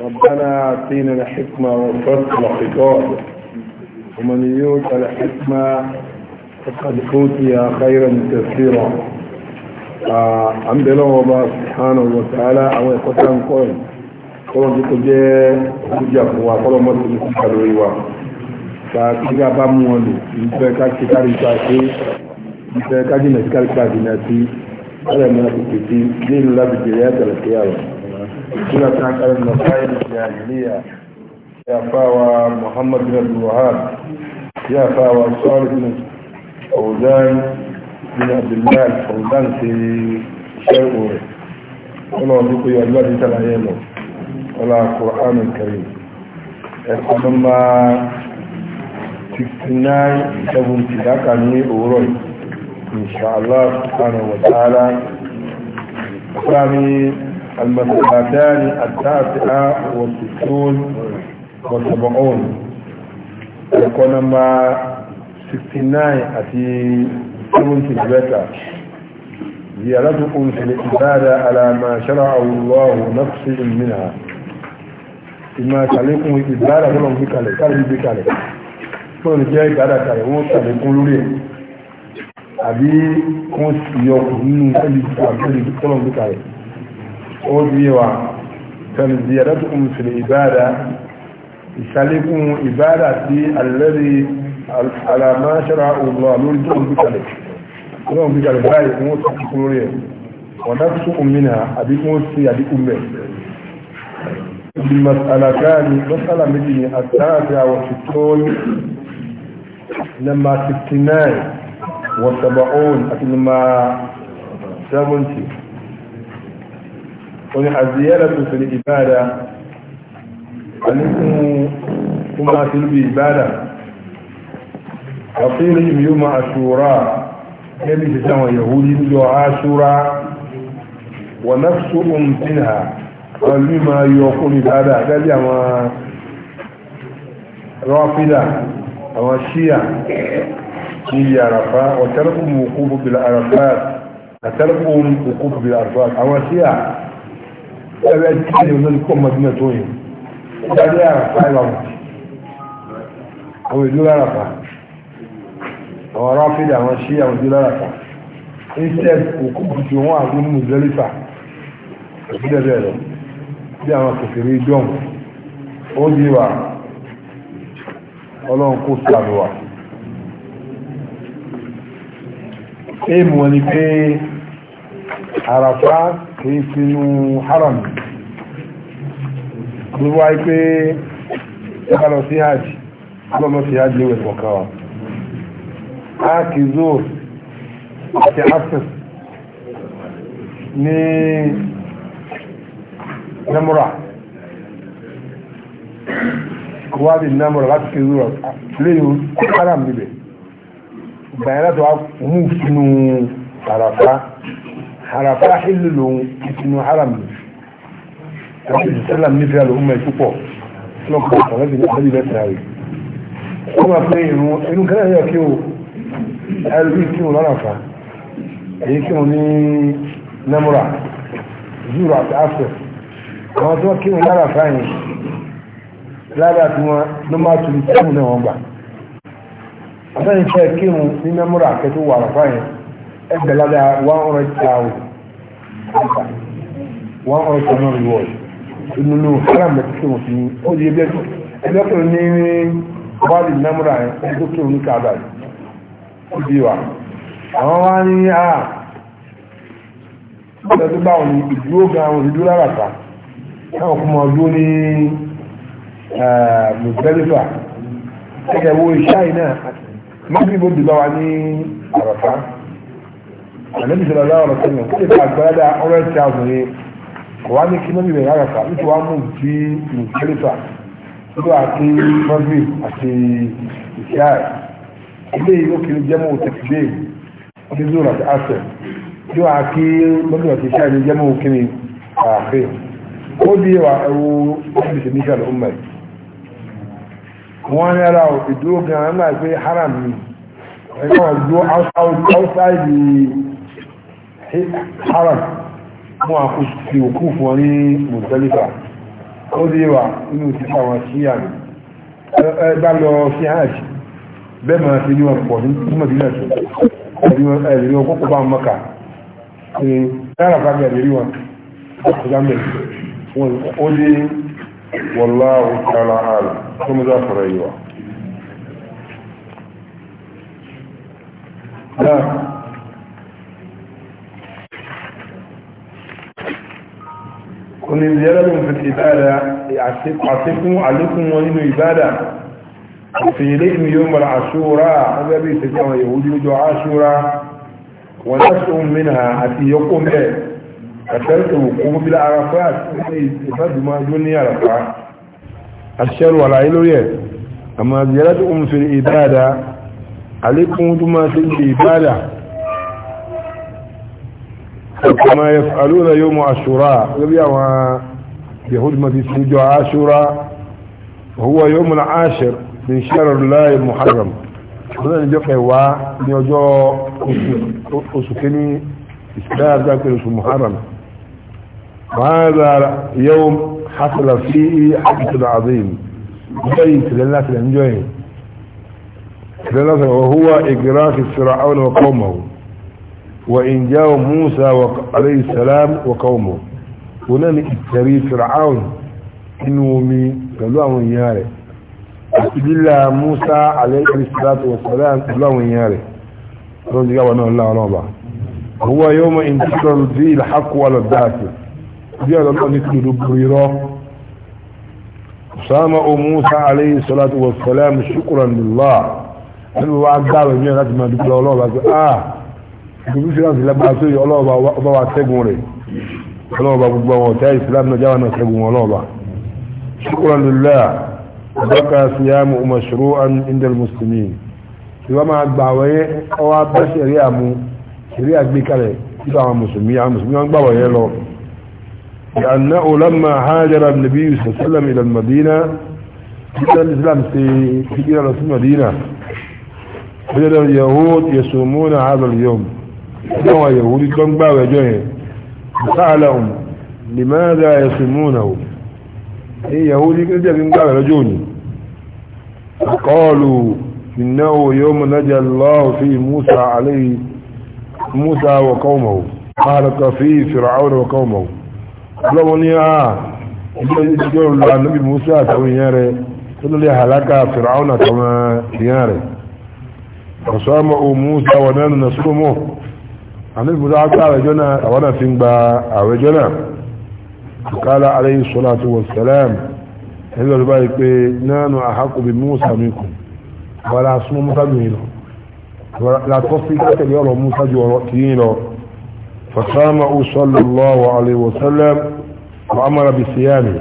ربنا آتينا الحكمة وفصل خطابه ومن يؤت الحكمة فقد أوتي خيرا كثيرا الحمد لله سبحانه وتعالى أو يقتل قول قول جيكو جي أجاب وقول ما تنسى الويوا فكيكا باموالو يتبقى كتاري تاكي يتبقى جينا كالكا جينا تي ألا منافق تي جين الله بجريات القيامة suna ta karin masayin jahiliya ya fawa muhammad bin abdulwahab ya fawa salih bin fauzan bin abdullahi fauzan ti shar'o rẹ̀ wọ́n lọ dúkú yọ lọ́dí tàlàyé lọ wọ́la kùránù kẹrì ẹ̀kọ́ ma 6970 dáka ní òwúrọ̀ inshallah subhanahu wa ta'ala المسألتان التاسعة والستون والسبعون الكونما 69 أتي 70 بيتا زيارتكم في الإبادة على ما شرعه الله نفس منها إما سليكم الإبادة فلهم بكالي كالي بكالي fún jẹ́ ìgbádàkà ìwọ́n tàbíkún lórí ẹ̀ àbí wọ́n yọkùn nínú ẹ̀lì àbẹ́lì tọ́lọ̀ oríwà tanziyaratukum fil ibada ìṣàlékún ibada sí alẹ́rí alamáṣára ọlọ́ lórí tó ń bí kalẹ̀ tó ń bí kalẹ̀ báyìí fún ó sọ́kùn fún rẹ̀ wọ́n dá tún un mìíràn àbí fún ó sí àdínkù mẹ́ بالمسألتان مسألة مدينة التاسعة والستون لما 69 والسبعون لما 70 ومن الزيادة في العبادة أنكم تماثل بعبادة وقيل يوم عاشوراء يبي تسمى يهودي جو عاشوراء ونفس منها قالوا ما يقول بعبادة قال يا ما رافضة أو الشيعة هي عرفات وتركهم وقوف بالعرفات أتركهم وقوف بالعرفات أو الشيعة ẹ̀rẹ́ tí a lè lórí kó mọ̀dínà tó yẹn ìdájọ́ àràpá ìlànà àwọn ìlú àràpá àwọn ráfíìdì àwọn sí àwọn ìlú àràpá instead òkú bùtù wọn àwọn mùsùlùmífà ìbílẹ̀ bẹ́ẹ̀ lọ bí àwọn kòkèrè dọ́n ó di wa ọlọ́run kó sàlùwà éèmù wọn ni pé àràfá kìí sínú haram gbogbo wáyé pé ẹka sí hajj lọ́lọ́ sí hajj léwẹ̀ kọ̀ọ̀kan wa a kì í zó àti access ní namura wáàdì namura láti kì í zó léyìn haram níbẹ̀ láti wá mú àràfà hìlù lòun ìsinú haram ni àti ìsẹ́lá nífẹ̀ẹ́ àlòun mẹ́ púpọ̀ lọ́pọ̀ ọ̀lẹ́sìn ní àbẹ́lẹ̀ sàárè wọ́n máa pé irun inú kẹ́lẹ́ yẹ kí o ẹlú kí o lọ́nà fa èyí kí o ní nẹ́múra zuru àti asẹ̀ àwọn tí wọ́n kí o lára fa yìí lára tí ló máa tún tẹ́mù náà wọ́n gbà àtẹ́yìn fẹ́ kí o ní nẹ́múra kẹ́tù wà àràfà yìí ẹgbẹ̀lada one hundred thousand one hundred thousand reward nínú haram ẹ̀tí tí wọ́n fi ní ó di ebi ẹ̀tí ẹgbẹ́ tó ní báàlì námúra ẹ̀ tó kí òun káàbà ó di wa àwọn wá ní ah, à ọ̀dọ̀ tó bá wọn ní ìdúró ga àwọn ìdúró lára ta káwọn kó máa dúró ní eh, mùsùlẹ́lẹ́fà ẹ̀kẹ́ wo ìṣáì náà mọ́tò dùbá wa ní àràfá àlẹ́bí sọ̀rọ̀ aláwọ̀ lọ́sẹ̀lẹ̀ ó lè fa àgbàládà ọ̀rẹ́ ti àbòyẹ ọ̀wá ní kí mọ́bí bẹ̀rẹ̀ àràfà nítorí wàá mú ti nìkẹ́lẹ́fà nígbà àti mọ́bí àti ìṣá ilé ìlú kiri jẹ́mọ́ òtẹ̀kìdé ní zoro àti asẹ̀ nígbà àti mọ́bí àti ìṣá ìlú jẹ́mọ́ òkiri àfẹ́ ó di wa ẹ̀wọ̀ ẹ̀bí sẹ̀ níṣẹ́ lọ́mọ́ ẹ̀ wọ́n ní ara ìdúró gan-an náà pé haram ni ẹ̀kọ́ ìdúró outside the haram mú àkóṣì òkú fún ní mùsùlùmí ó dé wà nínú ti fáwọn sí àmì ẹgbà lọ sí hajj bẹ́ẹ̀ máa fi ní wọn pọ̀ ní mọ̀dínà tó ẹ̀rí wọn kókò bá mọ́ka lára bá gbẹ̀rẹ̀ rí wọn ọ̀gámẹ̀ wọn ó dé wọ̀lá òkàlà àrùn tó mú dáfọ̀rọ̀ yìí wà ní ìyẹ́rẹ́ lóun fi ìbáda àṣekún àlékún wọn nínú ìbáda òfin ilé ìmú yóò mọ̀lá àṣúra ọgbẹ́ bí ìṣẹ́jú àwọn ìwúdí lójọ àṣúra wọn láti ohun mìíràn àti ìyọkó mẹ́ kàtẹ́rẹ́tò òkú bí arafa àti ìbádùmá yóò ní arafa àṣẹ́rù àlàyé lórí كما يفعلون يوم عاشوراء يهود بهدمة سجع عاشوراء هو يوم العاشر من شهر الله المحرم هذا نجوك هو نجو أسكني إسلام ذاك المحرم وهذا يوم حصل فيه حدث عظيم بيت للناس الانجوين للناس وهو إجراك فرعون وقومه وإن جاءوا موسى عليه السلام وقومه ونن اتري فرعون إنومي قالوا من ياري إلا موسى عليه الصلاة والسلام قالوا من ياري رجع ونهى الله رابع هو يوم انتصر ذي الحق ولا الدافع جاء الله نكتب بريره سامع موسى عليه الصلاة والسلام شكرا لله أنه وعد دعوة من الله ما دخل الله آه ìdúró sí láti lágbára tó yọ ọlọ́ọ̀bà ọba wa ṣẹ́gun rẹ̀ ọlọ́ọ̀bà gbogbo àwọn ọ̀tá ìsìlámù náà jáwà náà ṣẹ́gun wọn ọlọ́ọ̀bà ṣùkúrọ̀ lulẹ̀ ọ̀dọ́ka síyáàmù ọmọṣòro indel mùsùlùmí tí wọ́n máa gbà wọ́yẹ́ ọwọ́ bá ṣẹ̀rí àmú ṣẹ̀rí àgbékalẹ̀ nípa àwọn mùsùlùmí àwọn mùsùlùmí wọn gbà wọ́yẹ́ lọ لأنه لما هاجر النبي صلى الله عليه وسلم إلى المدينة كان الإسلام في إلى رسول المدينة وجد اليهود يصومون هذا اليوم لو يهودي تنبع وجهه سألهم لماذا يصمونه ايه يهودي كده تنبع وجهني قالوا إنه يوم نجى الله في موسى عليه موسى وقومه خالق فيه فرعون وقومه لو نيا يقول النبي موسى توينيره كل لي هلاك فرعون كما دياره وصاموا موسى ونال نصومه عن المذاعب أرجونا وانا فينبا أرجونا قال عليه الصلاة والسلام إذا ربائك نان أحق بموسى منكم ولا اسمه مطمئن لا تصفيتك اليوم موسى جوارتين فقام صلى الله عليه وسلم وعمر بسيامه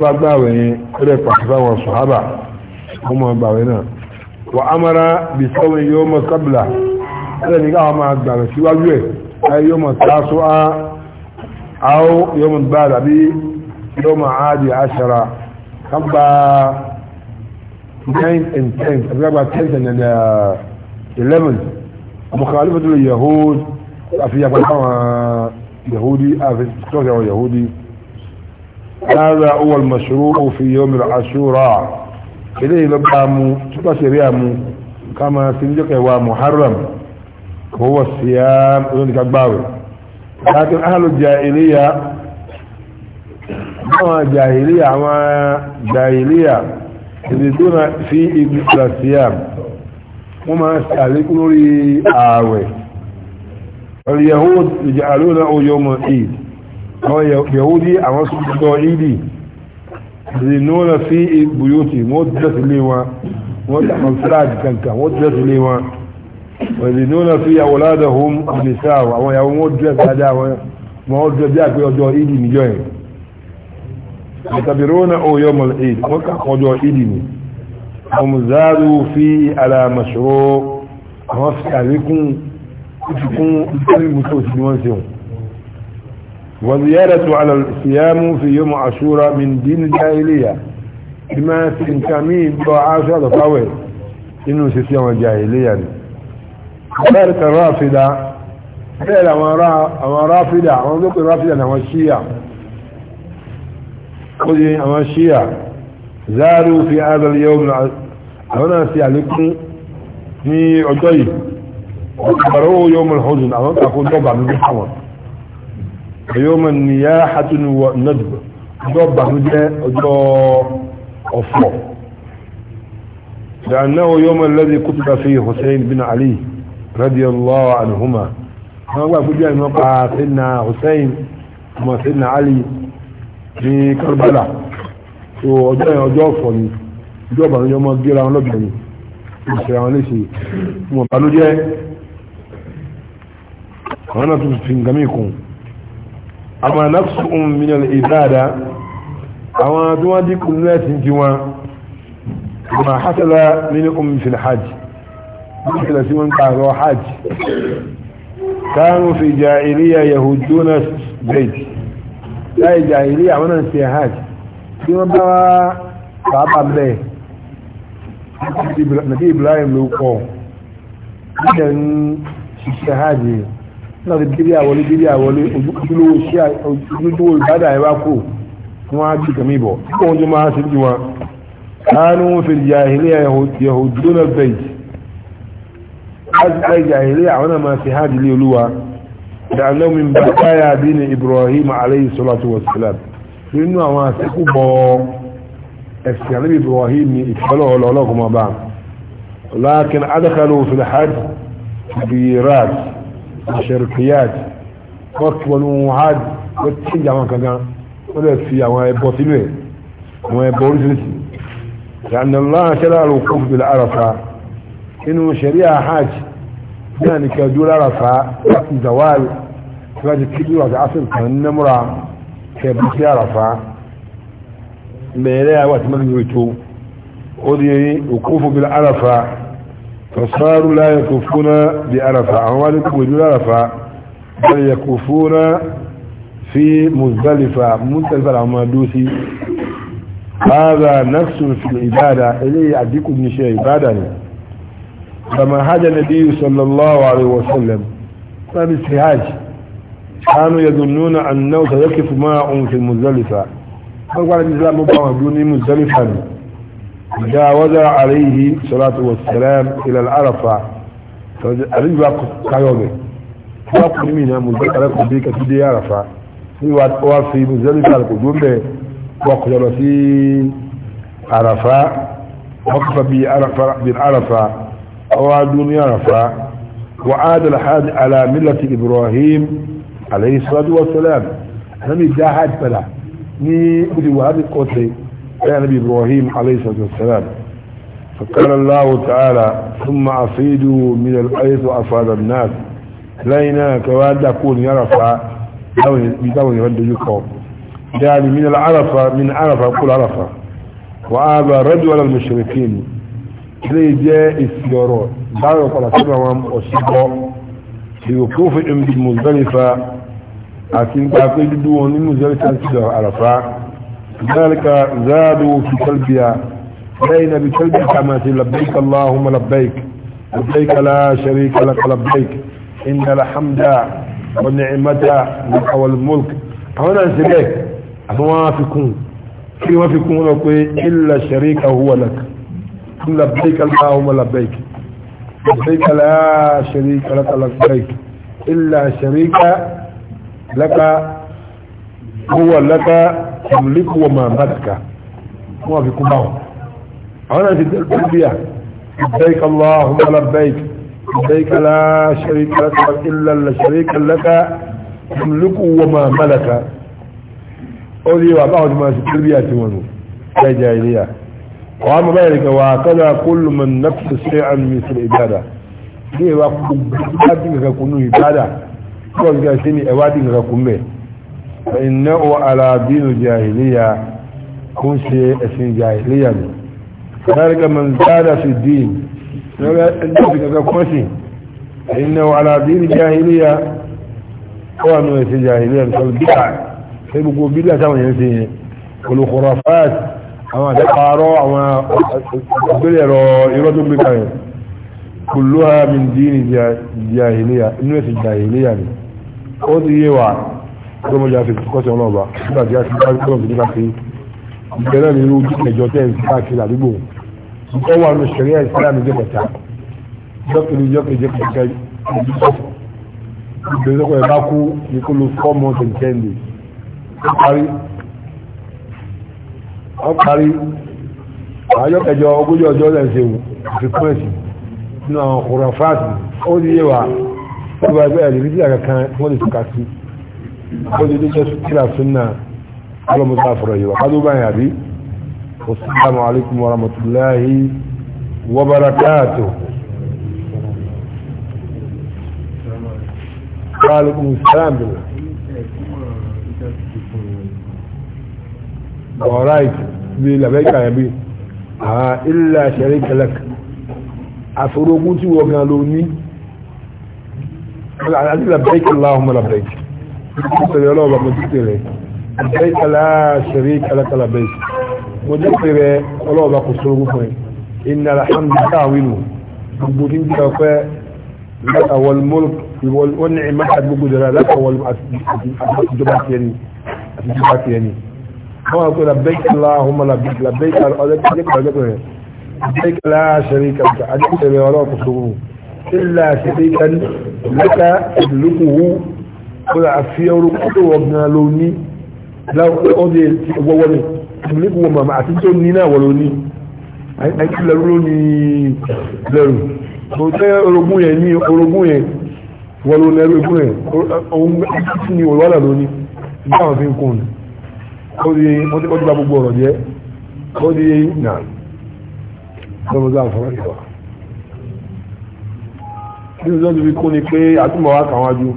فقال باوين قريب أحسان والصحابة هم باوينا وعمر بسوء يوم قبله ẹni káwọn máa gbàrẹ̀ síwájú ẹ̀ ayé yóò mọ̀ tààsù á áó yóò mọ̀ bá dàbí yóò mọ̀ áàdì àṣàrà kágbà 9 and 10 àbí kágbà 10 and 11 mọ̀kàlífẹ́ tó lè yahood àfi yàgbọ́n káwọn yahudi àfi tọ́sẹ̀ àwọn yahudi هذا هو المشروع في يوم العاشوراء إليه لبعمو تبا سريعمو كما سنجق ومحرم محرم هو الصيام ذلك الباوي لكن أهل الجاهلية ما جاهلية ما جاهلية يريدون في الصيام وما يستهلكون لي آوي اليهود يجعلونه يوم العيد هو يهودي أما سبحانه عيدي يريدون في بيوتي مدة ليوا مدة مفراد كانت مدة ليوا ويزنون في أولادهم النساء وما يومون جوا بعد ما هو جوا بياك ويجوا إيدي مجوين يعتبرون أو يوم العيد وكأخذوا إيدي هم زادوا فيه على مشروع وفي عليكم تكون المتوسط وانسهم وزيادة على الصيام في يوم عاشوراء من دين الجاهلية بما تنتمي بعاشر فاول إنه سيام الجاهلية يعني. ذلك الرافدة قال أما رافدة أما ذلك الرافدة إيه، أما الشيعة خذي أما الشيعة زاروا في هذا اليوم هنا سيعلكم في عدي وقبروا يوم الحزن أما أقول طبعا من الحمر يوم النياحة والندب طبعا من أفضل لأنه يوم الذي كتب فيه حسين بن علي رضي الله عنهما هو أبو جهل وقع سيدنا حسين وما سيدنا علي في كربلاء وجاء وجوفهم جوبا يوم جيرا لبني ìṣẹ́ àwọn léṣe wọn bá ló jẹ́ àwọn náà tún fi nǹkan mìkún àmà náàkùsù ohun um mìíràn ìdáadá àwọn tó wọ́n dínkù ní ẹ̀sìn jí wọn ma hasala nínú ohun fil hajj مثل سمن قارو حاج كانوا في جاهلية يهودون بيت لا جاهلية وانا نسي حاج سمن بوا بابا بيه نبي إبراهيم لوكو كان ṣiṣẹ́ hajj náà ti gírí àwọlé gírí àwọlé ojúlówó iṣẹ́ ojúlówó ìbádà ẹ̀wá kò wọ́n á gbìkan mí bọ̀ tí wọ́n tó máa ṣe jù wọn. kánú fil jahiliya yahuduna bayt أي جاهلية عنا ما في هذه اليلوة لأنه من بقايا دين إبراهيم عليه الصلاة والسلام لأنه ما سيكبه السلام إبراهيم إتفلوه لأولوكم أبعا لكن أدخلوا في الحج كبيرات وشركيات وكبنوا حد وتشجع ما كان ولا في ما يبوسلوه ما يبوسلوه لأن الله شرع الوقوف بالعرفة inú sharia hajj náà ni kẹ dúró lára fa láti zawal tí wọ́n ti kíkí wà sí afirka ní múra kẹ bí sí ara fa mẹ́rẹ́ àwọn àti mẹ́rin yóò tó ó di yẹn òkúfù bí arafa fasaru la yakufuna bí arafa àwọn wá ní kúkú lára fa bẹ́ẹ̀ yakufuna fi muzdalifa muzdalifa làwọn máa dó sí هذا نفس في العبادة إليه أديكم من شيء عبادة كما هذا النبي صلى الله عليه وسلم ما بالسهاج كانوا يظنون أنه سيكف ماء في المزلفة فقال الإسلام مبارك دوني مزلفا جاوز عليه الصلاة والسلام إلى العرفة فأريد فأرجع كيومي فأقول منا مزلفة لكم بيك في دي عرفة وفي مزلفة لكم دون وقجر في عرفة وقف بي بعرفة أو دنيا رفع وعاد الحاج على ملة إبراهيم عليه الصلاة والسلام هم جاهد فلا ني أدي وهذه القوتي يا نبي إبراهيم عليه الصلاة والسلام فقال الله تعالى ثم أصيدوا من الأيض وأصاد الناس لينا كواد أكون يرفع بدون يرد يقوم يعني من العرفة من عرفة كل عرفة وآبى رجل المشركين ilé jẹ́ èsì ọ̀rọ̀ dáhùn padà sí àwọn ọ̀ṣìkọ́ ìròkó fún md Muzdalifa àti nípa pé dúdú ذلك زادوا في تلبية بين بتلبية كما لبيك اللهم لبيك لبيك لا شريك لك لبيك إن الحمد والنعمة والملك هنا سبيك أما في كون كما إلا الشريك هو لك لبيك اللهم لبيك لبيك لا شريك لك لبيك إلا شريك لك هو لك تملك وما ملك هو في كبار أنا في التربية لبيك اللهم لبيك لبيك لا شريك لك إلا الشريك لك تملك وما ملك أولي وأبعد ما في التربية تمنوا يا جاهليه وعما ذلك وهكذا كل من نفس شيئا مثل الإبادة ليه وقت وقبادك كنو إبادة كون جاسيني أوادك كنو فإنه على دين الجاهلية كون شيء اسم جاهلية فذلك من زاد في الدين فإنه على دين الجاهلية كون شيء جاهلية فالبقع فيبقوا بلا سوى ينسيه والخرافات àwọn àdẹ́kọ̀ọ́rọ́ àwọn ìgbélẹ̀ ẹ̀rọ irọ́ tó gbé kalẹ̀ kùlúhà min dínì jahiliya inú ẹ̀sìn jahiliya ni ó ti yé wa tó mọ́jà fi kọ́sẹ̀ ọlọ́ọ̀bá nígbà tí a ti bá kọ́ sí nípa sí ìgbẹ́rẹ́ ní irú jíkẹjọ tẹ́ ń káàkiri àdúgbò ìkọ́ wà ní ṣẹ̀rí ìsìlámù jẹ́ kẹta jọ́kìlú jọ́kìlú kẹta ìgbésọ́kọ̀ ẹ̀ bá kú ọparí àjọ́kẹjọ ogójì ọjọ́ lẹ́sẹ̀wò àfikún ẹ̀sìn nínú àwọn ọ̀rọ̀ fáàtì ó ní yẹwà ọba ẹgbẹ́ ẹ̀lẹ́rí sí àkàkan wọ́n lè tọ́ka sí ó ní lójọ́ kíra súnà alọ́mọdé àfọ̀rọ̀ yẹwà kádó báyìí àbí assalamu alaikum warahmatullahi wabarakatuh wa alaikum assalam All right bí labẹ́ka yẹn bí àà ilẹ̀ àṣẹrí kẹlẹ́k àforogún tí wọ́n gan ló ní àti labẹ́ka láhùn labẹ́ka mo tẹ̀lé ọlọ́ọ̀bà mo ti tẹ̀lé labẹ́ka láṣẹrí kẹlẹ́k labẹ́ka mo jẹ́ pẹ̀lẹ́ ọlọ́ọ̀bà kò sorogún fún ẹ iná alhamdulilayi àwìnú gbogbo tí ń jẹ́ ọ̀fẹ́ laka wal mulk wal ni'mat gbogbo jẹ́ra laka àwọn àpò labẹ́kì láhùnmọ́ labẹ́kì ọjọ́kùnrin labẹ́kì láṣẹrí kàkà adékùnrin ọlọ́ọ̀kù sóhùn ilẹ̀ àṣẹrí kan lẹ́ka ìlúkùhù kódà àfihàn orúkọ ọ̀gbìn ló ní ọdẹ ti wọ́wọ́ ni ìlúkùhù màmá àti tó ní náà wọ̀ ló ní àìkúlẹ̀rú ló ní lẹ́rù kò tẹ́ orogún yẹn ní orogún yẹn wọ́n ló lẹ́rù ìgbún yẹn òun ní wọ́lá ló ní báwọn fi ń kún un ó di ó ti gba gbogbo ọ̀rọ̀ jẹ́ ó di náà lọ́wọ́ sáà fún ẹ̀yọ́ bí ó ti sọ́ọ́ ti fi kún ni pé àtúmọ̀ wá kàwájú.